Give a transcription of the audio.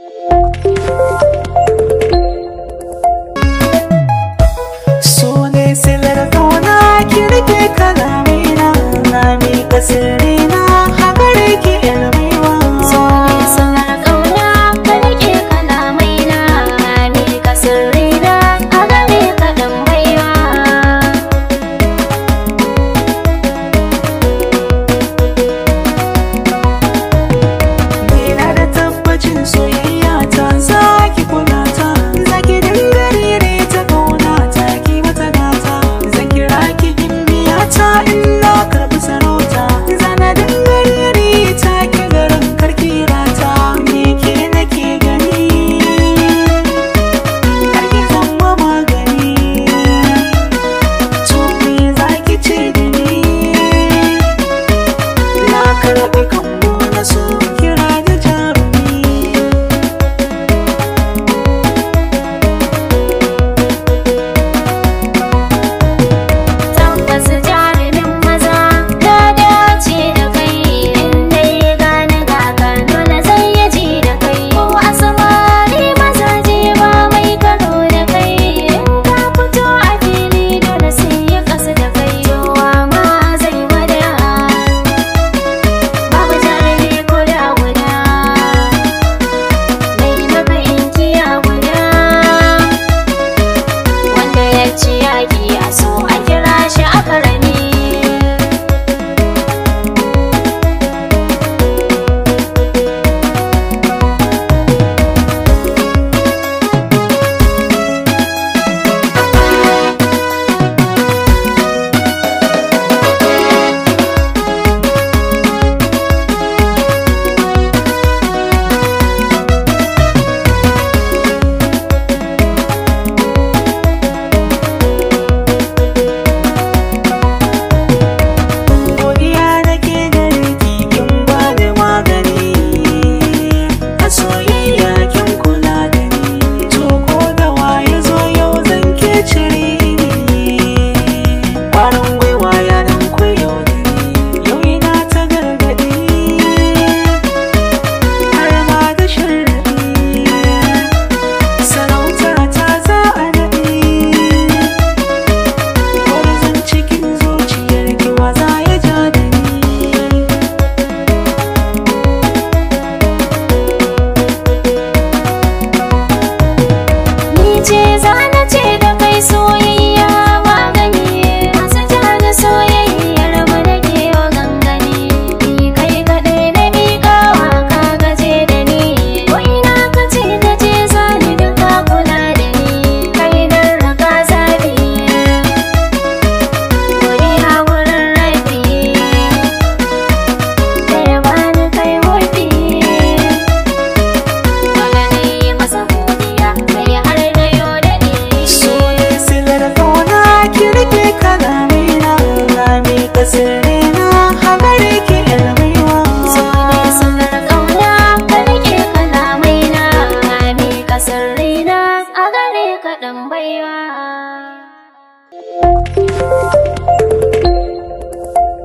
Música kaɗan baiwa.